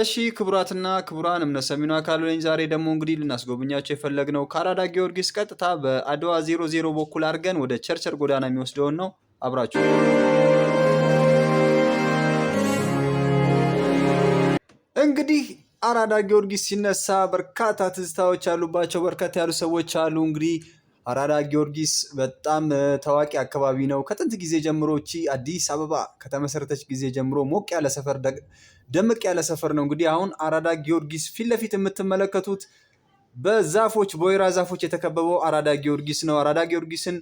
እሺ ክቡራትና ክቡራን እምነት ሰሚኑ አካል ነኝ። ዛሬ ደግሞ እንግዲህ ልናስጎብኛቸው የፈለግነው ከአራዳ ጊዮርጊስ ቀጥታ በአድዋ ዜሮ ዜሮ በኩል አድርገን ወደ ቸርቸር ጎዳና የሚወስደውን ነው። አብራችሁ እንግዲህ አራዳ ጊዮርጊስ ሲነሳ በርካታ ትዝታዎች ያሉባቸው በርከት ያሉ ሰዎች አሉ እንግዲህ አራዳ ጊዮርጊስ በጣም ታዋቂ አካባቢ ነው። ከጥንት ጊዜ ጀምሮ እቺ አዲስ አበባ ከተመሰረተች ጊዜ ጀምሮ ሞቅ ያለ ሰፈር፣ ደምቅ ያለ ሰፈር ነው። እንግዲህ አሁን አራዳ ጊዮርጊስ ፊት ለፊት የምትመለከቱት በዛፎች በወይራ ዛፎች የተከበበው አራዳ ጊዮርጊስ ነው። አራዳ ጊዮርጊስን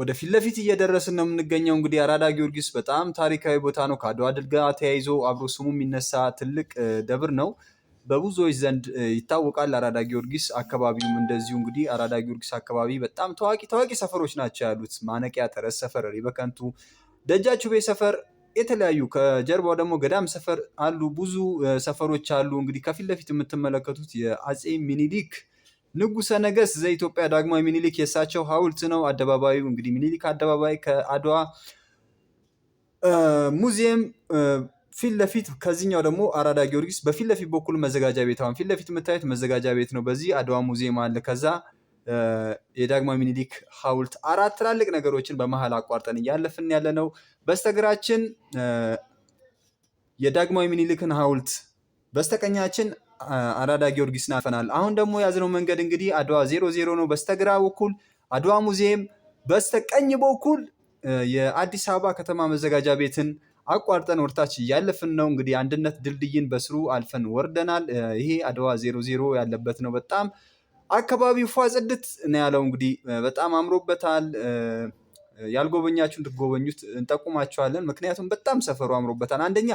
ወደ ፊት ለፊት እየደረስን ነው የምንገኘው። እንግዲህ አራዳ ጊዮርጊስ በጣም ታሪካዊ ቦታ ነው። ከአድዋ ድል ጋር ተያይዞ አብሮ ስሙ የሚነሳ ትልቅ ደብር ነው። በብዙዎች ዘንድ ይታወቃል። አራዳ ጊዮርጊስ አካባቢውም እንደዚሁ እንግዲህ አራዳ ጊዮርጊስ አካባቢ በጣም ታዋቂ ታዋቂ ሰፈሮች ናቸው ያሉት ማነቂያ ተረስ ሰፈር፣ በከንቱ ደጃችሁ ቤ ሰፈር የተለያዩ ከጀርባው ደግሞ ገዳም ሰፈር አሉ። ብዙ ሰፈሮች አሉ። እንግዲህ ከፊት ለፊት የምትመለከቱት የአፄ ሚኒሊክ ንጉሰ ነገስት ዘኢትዮጵያ ዳግማዊ ሚኒሊክ የእሳቸው ሐውልት ነው። አደባባዩ እንግዲህ ሚኒሊክ አደባባይ ከአድዋ ሙዚየም ፊት ለፊት ከዚህኛው ደግሞ አራዳ ጊዮርጊስ በፊት ለፊት በኩል መዘጋጃ ቤት አሁን ፊት ለፊት የምታዩት መዘጋጃ ቤት ነው። በዚህ አድዋ ሙዚየም አለ። ከዛ የዳግማዊ ምኒልክ ሐውልት አራት ትላልቅ ነገሮችን በመሀል አቋርጠን እያለፍን ያለ ነው። በስተግራችን የዳግማዊ ምኒልክን ሐውልት በስተቀኛችን አራዳ ጊዮርጊስን አልፈናል። አሁን ደግሞ የያዝነው መንገድ እንግዲህ አድዋ ዜሮ ዜሮ ነው። በስተግራ በኩል አድዋ ሙዚየም፣ በስተቀኝ በኩል የአዲስ አበባ ከተማ መዘጋጃ ቤትን አቋርጠን ወርታች እያለፍን ነው። እንግዲህ አንድነት ድልድይን በስሩ አልፈን ወርደናል። ይሄ አድዋ ዜሮ ዜሮ ያለበት ነው። በጣም አካባቢው ፏጽድት ነው ያለው። እንግዲህ በጣም አምሮበታል። ያልጎበኛችሁ እንድትጎበኙት እንጠቁማችኋለን። ምክንያቱም በጣም ሰፈሩ አምሮበታል። አንደኛ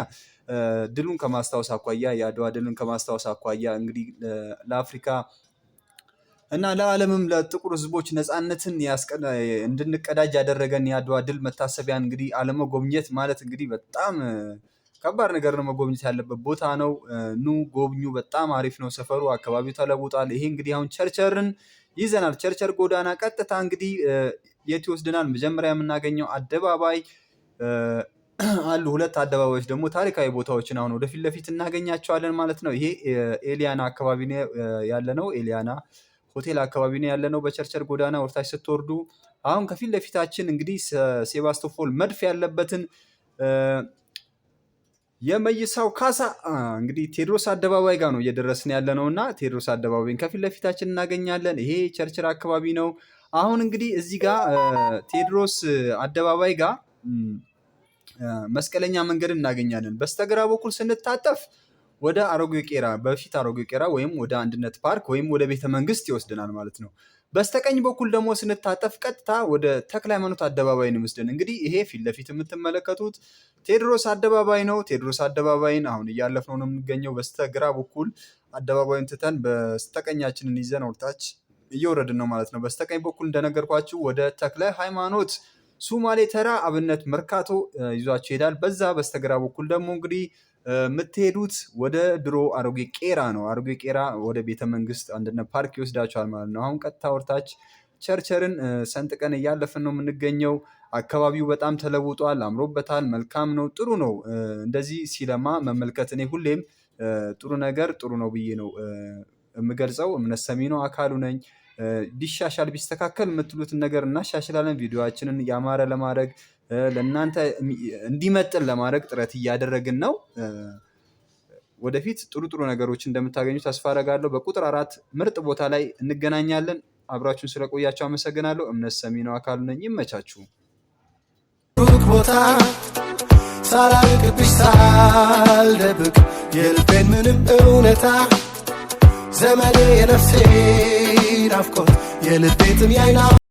ድሉን ከማስታወስ አኳያ የአድዋ ድልን ከማስታወስ አኳያ እንግዲህ ለአፍሪካ እና ለዓለምም ለጥቁር ህዝቦች ነፃነትን እንድንቀዳጅ ያደረገን የአድዋ ድል መታሰቢያ እንግዲህ አለመጎብኘት ማለት እንግዲህ በጣም ከባድ ነገር ነው። መጎብኘት ያለበት ቦታ ነው። ኑ ጎብኙ። በጣም አሪፍ ነው ሰፈሩ፣ አካባቢው ተለውጧል። ይሄ እንግዲህ አሁን ቸርቸርን ይዘናል። ቸርቸር ጎዳና ቀጥታ እንግዲህ የት ይወስድናል? መጀመሪያ የምናገኘው አደባባይ አሉ። ሁለት አደባባዮች ደግሞ ታሪካዊ ቦታዎችን አሁን ወደፊት ለፊት እናገኛቸዋለን ማለት ነው። ይሄ ኤሊያና አካባቢ ያለ ነው ኤሊያና ሆቴል አካባቢ ነው ያለነው። በቸርቸር ጎዳና ወርታች ስትወርዱ አሁን ከፊት ለፊታችን እንግዲህ ሴባስቶፖል መድፍ ያለበትን የመይሳው ካሳ እንግዲህ ቴድሮስ አደባባይ ጋር ነው እየደረስን ያለ ነው እና ቴድሮስ አደባባይን ከፊት ለፊታችን እናገኛለን። ይሄ ቸርቸር አካባቢ ነው። አሁን እንግዲህ እዚህ ጋር ቴድሮስ አደባባይ ጋር መስቀለኛ መንገድ እናገኛለን። በስተግራ በኩል ስንታጠፍ ወደ አሮጌ ቄራ በፊት አሮጌ ቄራ ወይም ወደ አንድነት ፓርክ ወይም ወደ ቤተ መንግስት ይወስደናል ማለት ነው። በስተቀኝ በኩል ደግሞ ስንታጠፍ ቀጥታ ወደ ተክለ ሃይማኖት አደባባይ ነው ይወስደን። እንግዲህ ይሄ ፊት ለፊት የምትመለከቱት ቴዎድሮስ አደባባይ ነው። ቴዎድሮስ አደባባይን አሁን እያለፍነው ነው የምንገኘው። በስተግራ በኩል አደባባዩን ትተን በስተቀኛችንን ይዘን ወልታች እየወረድን ነው ማለት ነው። በስተቀኝ በኩል እንደነገርኳችሁ ወደ ተክለ ሃይማኖት ሱማሌ ተራ አብነት መርካቶ ይዟቸው ይሄዳል። በዛ በስተግራ በኩል ደግሞ እንግዲህ የምትሄዱት ወደ ድሮ አሮጌ ቄራ ነው። አሮጌ ቄራ ወደ ቤተ መንግስት አንድነት ፓርክ ይወስዳቸዋል ማለት ነው። አሁን ቀጥታ ወርታች ቸርቸርን ሰንጥቀን እያለፍን ነው የምንገኘው። አካባቢው በጣም ተለውጧል፣ አምሮበታል፣ መልካም ነው፣ ጥሩ ነው። እንደዚህ ሲለማ መመልከት እኔ ሁሌም ጥሩ ነገር ጥሩ ነው ብዬ ነው የምገልጸው። እምነት ሰሚ ነው አካሉ ነኝ። ቢሻሻል ቢስተካከል የምትሉትን ነገር እናሻሽላለን። ቪዲዮችንን ያማረ ለማድረግ ለእናንተ እንዲመጥን ለማድረግ ጥረት እያደረግን ነው። ወደፊት ጥሩ ጥሩ ነገሮች እንደምታገኙ ተስፋ አረጋለሁ። በቁጥር አራት ምርጥ ቦታ ላይ እንገናኛለን። አብራችሁን ስለቆያችሁ አመሰግናለሁ። እምነት ሰሚ ነው አካሉ ነኝ። ይመቻችሁ። ቦታ ሳላቅብሽ ሳልደብቅ የልቤን ምንም እውነታ ዘመኔ የነፍሴ ናፍቆት የልቤ ጥም ያይና